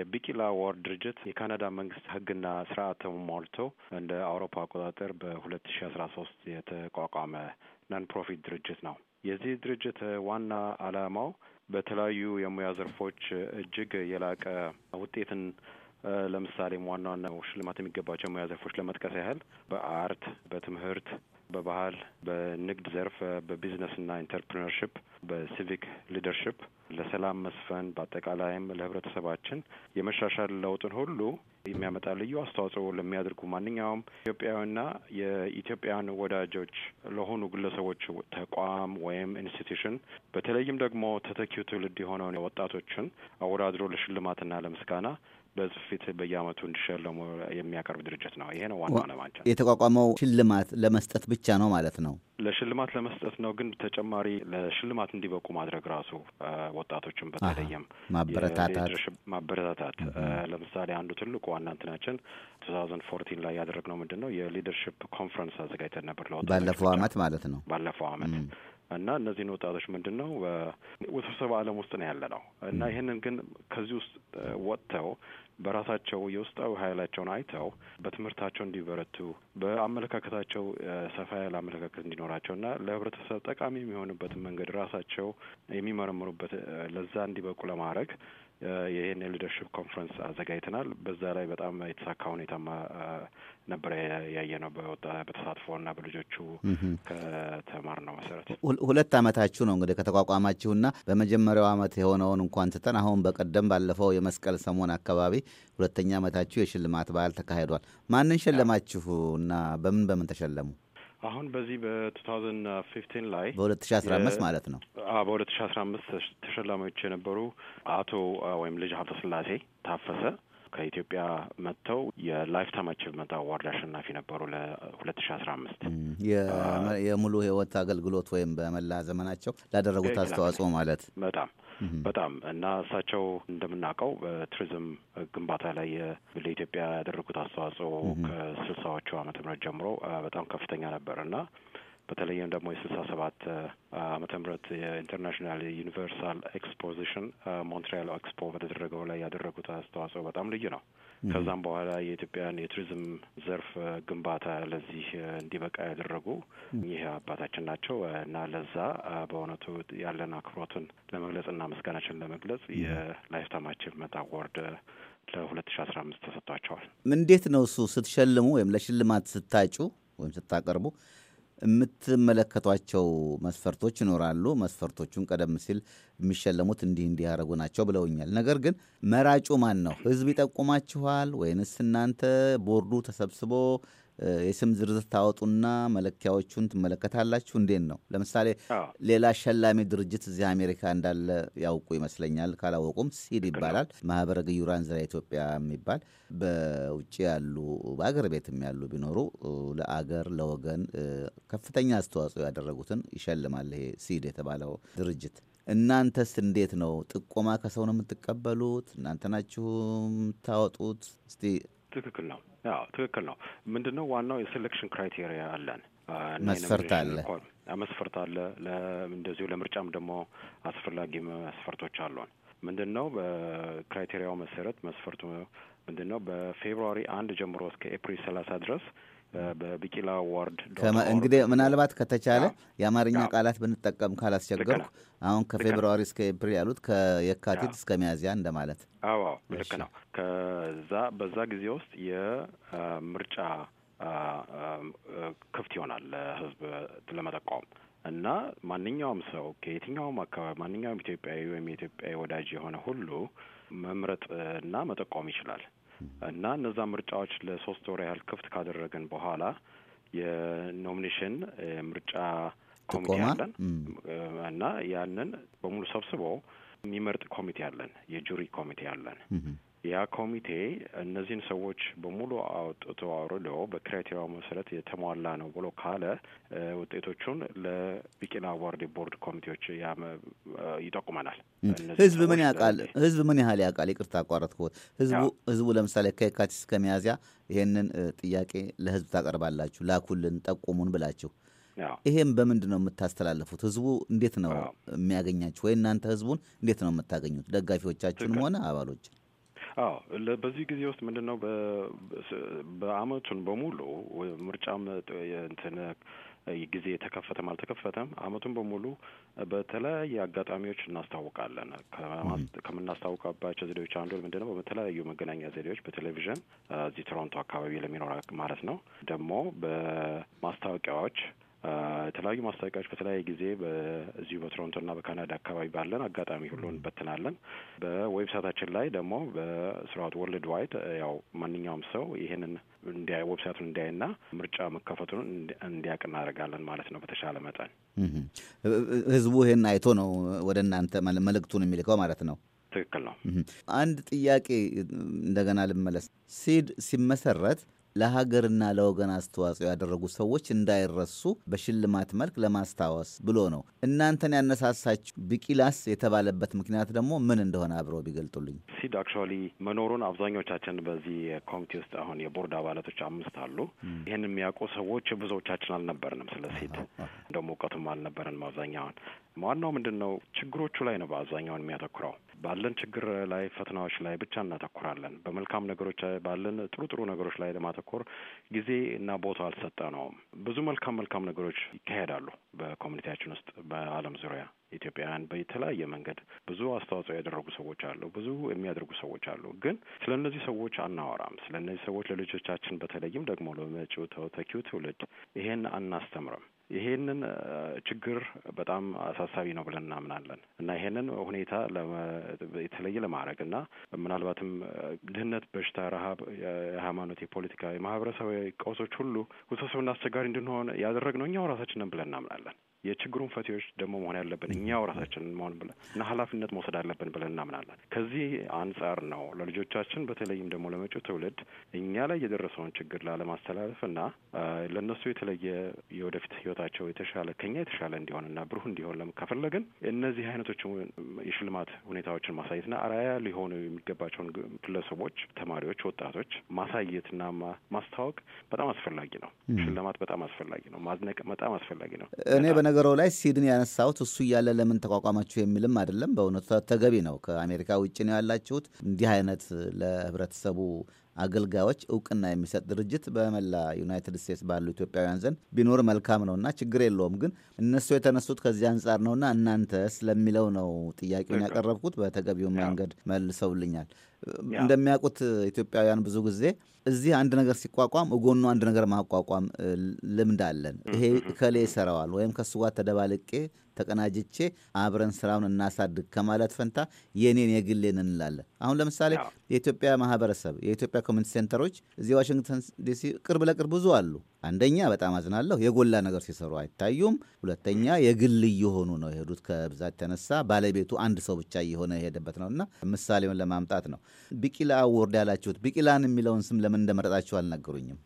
የቢቂላ ዋር ድርጅት የካናዳ መንግስት ህግና ስርዓት ሟልቶ እንደ አውሮፓ አቆጣጠር በሁለት ሺ አስራ ሶስት የተቋቋመ ናን ፕሮፊት ድርጅት ነው። የዚህ ድርጅት ዋና አላማው በተለያዩ የሙያ ዘርፎች እጅግ የላቀ ውጤትን ለምሳሌ ዋና ዋና ሽልማት የሚገባቸው ሙያ ዘርፎች ለመጥቀስ ያህል በአርት፣ በትምህርት በባህል፣ በንግድ ዘርፍ፣ በቢዝነስና ኢንተርፕሪነርሽፕ፣ በሲቪክ ሊደርሽፕ ለሰላም መስፈን በአጠቃላይም ለህብረተሰባችን የመሻሻል ለውጥን ሁሉ የሚያመጣ ልዩ አስተዋጽኦ ለሚያደርጉ ማንኛውም ኢትዮጵያውያንና የኢትዮጵያን ወዳጆች ለሆኑ ግለሰቦች፣ ተቋም ወይም ኢንስቲትዩሽን በተለይም ደግሞ ተተኪው ትውልድ የሆነውን ወጣቶችን አወዳድሮ ለሽልማትና ለምስጋና በጽፊት በየአመቱ እንዲሸለሙ የሚያቀርብ ድርጅት ነው። ይሄ ነው ዋና ዓላማችን። የተቋቋመው ሽልማት ለመስጠት ብቻ ነው ማለት ነው። ለሽልማት ለመስጠት ነው፣ ግን ተጨማሪ ለሽልማት እንዲበቁ ማድረግ ራሱ ወጣቶችን በተለይም ማበረታታት ማበረታታት። ለምሳሌ አንዱ ትልቁ ዋና እንትናችን ቱ ታውዘንድ ፎርቲን ላይ ያደረግነው ምንድን ነው የሊደርሽፕ ኮንፈረንስ አዘጋጅተን ነበር ለወጣቶች ባለፈው አመት ማለት ነው ባለፈው አመት እና እነዚህን ወጣቶች ምንድን ነው ውስብስብ ዓለም ውስጥ ነው ያለ ነው እና ይህንን ግን ከዚህ ውስጥ ወጥተው በራሳቸው የውስጣዊ ኃይላቸውን አይተው በትምህርታቸው እንዲበረቱ በአመለካከታቸው ሰፋ ያለ አመለካከት እንዲኖራቸው እና ለህብረተሰብ ጠቃሚ የሚሆኑበትን መንገድ ራሳቸው የሚመረምሩበት ለዛ እንዲበቁ ለማድረግ ይህን የሊደርሽፕ ኮንፈረንስ አዘጋጅተናል። በዛ ላይ በጣም የተሳካ ሁኔታማ ነበረ ያየ ነው። ና በልጆቹ ከተማር ነው መሰረት ሁለት አመታችሁ ነው እንግዲህ ና በመጀመሪያው አመት የሆነውን እንኳን ትተን አሁን በቀደም ባለፈው የመስቀል ሰሞን አካባቢ ሁለተኛ አመታችሁ የሽልማት በዓል ተካሂዷል። ማንን ሸለማችሁ እና በምን በምን ተሸለሙ? አሁን በዚህ በ2015 ላይ በ2015 ማለት ነው በ2015 ተሸላሚዎች የነበሩ አቶ ወይም ልጅ ስላሴ ታፈሰ ከኢትዮጵያ መጥተው የላይፍ ታይም አቺቭመንት አዋርድ አሸናፊ ነበሩ ለ ሺ የሙሉ ህይወት አገልግሎት ወይም በመላ ዘመናቸው ላደረጉት አስተዋጽኦ ማለት በጣም በጣም እና እሳቸው እንደምናውቀው በቱሪዝም ግንባታ ላይ ለኢትዮጵያ ያደረጉት አስተዋጽኦ ከስልሳዎቹ ዓመተ ምህረት ጀምሮ በጣም ከፍተኛ ነበር እና በተለይም ደግሞ የስልሳ ሰባት አመተ ምህረት የኢንተርናሽናል ዩኒቨርሳል ኤክስፖዚሽን ሞንትሪያል ኤክስፖ በተደረገው ላይ ያደረጉት አስተዋጽኦ በጣም ልዩ ነው። ከዛም በኋላ የኢትዮጵያን የቱሪዝም ዘርፍ ግንባታ ለዚህ እንዲበቃ ያደረጉ ይህ አባታችን ናቸው እና ለዛ በእውነቱ ያለን አክብሮትን ለመግለጽና ምስጋናችን ለመግለጽ የላይፍታማችን አቺቭመንት አዋርድ ለሁለት ሺ አስራ አምስት ተሰጥቷቸዋል። እንዴት ነው እሱ ስትሸልሙ ወይም ለሽልማት ስታጩ ወይም ስታቀርቡ የምትመለከቷቸው መስፈርቶች ይኖራሉ። መስፈርቶቹን ቀደም ሲል የሚሸለሙት እንዲህ እንዲህ ያደረጉ ናቸው ብለውኛል። ነገር ግን መራጩ ማን ነው? ህዝብ ይጠቁማችኋል ወይንስ እናንተ ቦርዱ ተሰብስቦ የስም ዝርዝር ታወጡና መለኪያዎቹን ትመለከታላችሁ። እንዴት ነው? ለምሳሌ ሌላ ሸላሚ ድርጅት እዚህ አሜሪካ እንዳለ ያውቁ ይመስለኛል። ካላወቁም ሲድ ይባላል። ማህበረ ግዩራን ዘራ ኢትዮጵያ የሚባል በውጭ ያሉ በአገር ቤትም ያሉ ቢኖሩ ለአገር ለወገን ከፍተኛ አስተዋጽኦ ያደረጉትን ይሸልማል። ይሄ ሲድ የተባለው ድርጅት እናንተስ እንዴት ነው? ጥቆማ ከሰው ነው የምትቀበሉት? እናንተ ናችሁ የምታወጡት? እስቲ ትክክል ነው። ያው ትክክል ነው። ምንድን ነው ዋናው የሴሌክሽን ክራይቴሪያ አለን፣ መስፈርት አለ፣ መስፈርት አለ። እንደዚሁ ለምርጫም ደግሞ አስፈላጊ መስፈርቶች አሉን። ምንድን ነው በክራይቴሪያው መሰረት መስፈርቱ ምንድን ነው? በፌብሩዋሪ አንድ ጀምሮ እስከ ኤፕሪል ሰላሳ ድረስ በቢቂላ ዋርድ እንግዲህ ምናልባት ከተቻለ የአማርኛ ቃላት ብንጠቀም ካላስቸገርኩ፣ አሁን ከፌብርዋሪ እስከ ኤፕሪል ያሉት ከየካቲት እስከ ሚያዝያ እንደማለት። አዎ ልክ ነው። ከዛ በዛ ጊዜ ውስጥ የምርጫ ክፍት ይሆናል ለህዝብ ለመጠቋም እና ማንኛውም ሰው ከየትኛውም አካባቢ ማንኛውም ኢትዮጵያዊ ወይም የኢትዮጵያዊ ወዳጅ የሆነ ሁሉ መምረጥ እና መጠቆም ይችላል። እና እነዛ ምርጫዎች ለሶስት ወር ያህል ክፍት ካደረግን በኋላ የኖሚኔሽን ምርጫ ኮሚቴ አለን እና ያንን በሙሉ ሰብስቦ የሚመርጥ ኮሚቴ አለን፣ የጁሪ ኮሚቴ አለን። ያ ኮሚቴ እነዚህን ሰዎች በሙሉ አውጥቶ አውርዶ በክራይቴሪያው መሰረት የተሟላ ነው ብሎ ካለ ውጤቶቹን ለቢቂና ዋርድ ቦርድ ኮሚቴዎች ይጠቁመናል። ህዝብ ምን ያውቃል? ህዝብ ምን ያህል ያውቃል? ይቅርታ አቋረጥኩት። ህዝቡ ህዝቡ ለምሳሌ ከየካቲት እስከ ሚያዝያ ይሄንን ጥያቄ ለህዝብ ታቀርባላችሁ፣ ላኩልን፣ ጠቁሙን ብላችሁ ይሄም በምንድን ነው የምታስተላለፉት? ህዝቡ እንዴት ነው የሚያገኛችሁ? ወይ እናንተ ህዝቡን እንዴት ነው የምታገኙት? ደጋፊዎቻችሁንም ሆነ አባሎችን አዎ በዚህ ጊዜ ውስጥ ምንድን ነው በአመቱን በሙሉ ምርጫም እንትን ጊዜ ተከፈተም አልተከፈተም አመቱን በሙሉ በተለያየ አጋጣሚዎች እናስታውቃለን። ከምናስታውቃባቸው ዘዴዎች አንዱ ምንድን ነው በተለያዩ መገናኛ ዘዴዎች በቴሌቪዥን እዚህ ቶሮንቶ አካባቢ ለሚኖር ማለት ነው ደግሞ በማስታወቂያዎች የተለያዩ ማስታወቂያዎች በተለያየ ጊዜ በዚሁ በቶሮንቶና በካናዳ አካባቢ ባለን አጋጣሚ ሁሉ እንበትናለን። በዌብሳይታችን ላይ ደግሞ በስርዋት ወርልድ ዋይድ ያው ማንኛውም ሰው ይህንን እንዲያይ ዌብሳይቱን እንዲያይና ምርጫ መከፈቱን እንዲያውቅ እናደርጋለን ማለት ነው። በተሻለ መጠን ህዝቡ ይህን አይቶ ነው ወደ እናንተ መልእክቱን የሚልከው ማለት ነው። ትክክል ነው። አንድ ጥያቄ እንደገና ልመለስ። ሲድ ሲመሰረት ለሀገርና ለወገን አስተዋጽኦ ያደረጉ ሰዎች እንዳይረሱ በሽልማት መልክ ለማስታወስ ብሎ ነው። እናንተን ያነሳሳችሁ ቢቂላስ የተባለበት ምክንያት ደግሞ ምን እንደሆነ አብረው ቢገልጡልኝ። ሲድ አክቹዋሊ መኖሩን አብዛኞቻችን በዚህ ኮሚቴ ውስጥ አሁን የቦርድ አባላቶች አምስት አሉ። ይህን የሚያውቁ ሰዎች ብዙዎቻችን አልነበርንም። ስለ ሲድ እንደውም እውቀቱም አልነበረንም አብዛኛውን። ዋናው ምንድን ነው ችግሮቹ ላይ ነው በአብዛኛውን የሚያተኩረው ባለን ችግር ላይ ፈተናዎች ላይ ብቻ እናተኩራለን። በመልካም ነገሮች ባለን ጥሩ ጥሩ ነገሮች ላይ ለማተኮር ጊዜ እና ቦታ አልሰጠ ነውም። ብዙ መልካም መልካም ነገሮች ይካሄዳሉ በኮሚኒቲያችን ውስጥ በዓለም ዙሪያ ኢትዮጵያውያን በተለያየ መንገድ ብዙ አስተዋጽኦ ያደረጉ ሰዎች አሉ፣ ብዙ የሚያደርጉ ሰዎች አሉ። ግን ስለ እነዚህ ሰዎች አናወራም። ስለ እነዚህ ሰዎች ለልጆቻችን፣ በተለይም ደግሞ ለመጪው ተተኪው ትውልድ ይሄን አናስተምርም። ይሄንን ችግር በጣም አሳሳቢ ነው ብለን እናምናለን እና ይሄንን ሁኔታ የተለየ ለማድረግ እና ምናልባትም ድህነት፣ በሽታ፣ ረሀብ፣ የሃይማኖት፣ የፖለቲካ፣ የማህበረሰባዊ ቀውሶች ሁሉ ውስብስብና አስቸጋሪ እንድንሆን ያደረግነው እኛው ራሳችንን ብለን እናምናለን። የችግሩን ፈቲዎች ደግሞ መሆን ያለብን እኛው ራሳችን መሆን ብለን እና ኃላፊነት መውሰድ አለብን ብለን እናምናለን። ከዚህ አንጻር ነው ለልጆቻችን በተለይም ደግሞ ለመጪው ትውልድ እኛ ላይ የደረሰውን ችግር ላለማስተላለፍ እና ለእነሱ የተለየ የወደፊት ህይወታቸው የተሻለ ከኛ የተሻለ እና ብሩህ እንዲሆን ከፈለግን እነዚህ አይነቶች የሽልማት ሁኔታዎችን ማሳየትና አራያ ሊሆኑ የሚገባቸውን ግለሰቦች፣ ተማሪዎች፣ ወጣቶች ማሳየትና ማስታወቅ በጣም አስፈላጊ ነው። ሽልማት በጣም አስፈላጊ ነው። ማዝነቅ በጣም አስፈላጊ ነው። እኔ በነገረው ላይ ሲድን ያነሳሁት እሱ እያለ ለምን ተቋቋማችሁ የሚልም አይደለም። በእውነቱ ተገቢ ነው። ከአሜሪካ ውጭ ነው ያላችሁት። እንዲህ አይነት ለህብረተሰቡ አገልጋዮች እውቅና የሚሰጥ ድርጅት በመላ ዩናይትድ ስቴትስ ባሉ ኢትዮጵያውያን ዘንድ ቢኖር መልካም ነውና ችግር የለውም። ግን እነሱ የተነሱት ከዚህ አንጻር ነውና እናንተ ስለሚለው ነው ጥያቄውን ያቀረብኩት። በተገቢው መንገድ መልሰውልኛል። እንደሚያውቁት ኢትዮጵያውያን ብዙ ጊዜ እዚህ አንድ ነገር ሲቋቋም እጎኑ አንድ ነገር ማቋቋም ልምድ አለን። ይሄ ከሌ ይሰራዋል ወይም ከሱ ጋር ተደባልቄ ተቀናጅቼ አብረን ስራውን እናሳድግ ከማለት ፈንታ የኔን የግሌን እንላለን። አሁን ለምሳሌ የኢትዮጵያ ማህበረሰብ የኢትዮጵያ ኮሚኒቲ ሴንተሮች እዚህ ዋሽንግተን ዲሲ ቅርብ ለቅርብ ብዙ አሉ። አንደኛ በጣም አዝናለሁ፣ የጎላ ነገር ሲሰሩ አይታዩም። ሁለተኛ የግል እየሆኑ ነው የሄዱት። ከብዛት የተነሳ ባለቤቱ አንድ ሰው ብቻ እየሆነ የሄደበት ነው እና ምሳሌውን ለማምጣት ነው። ቢቂላ አወርድ ያላችሁት ቢቂላን የሚለውን ስም ለምን እንደመረጣችሁ አልነገሩኝም።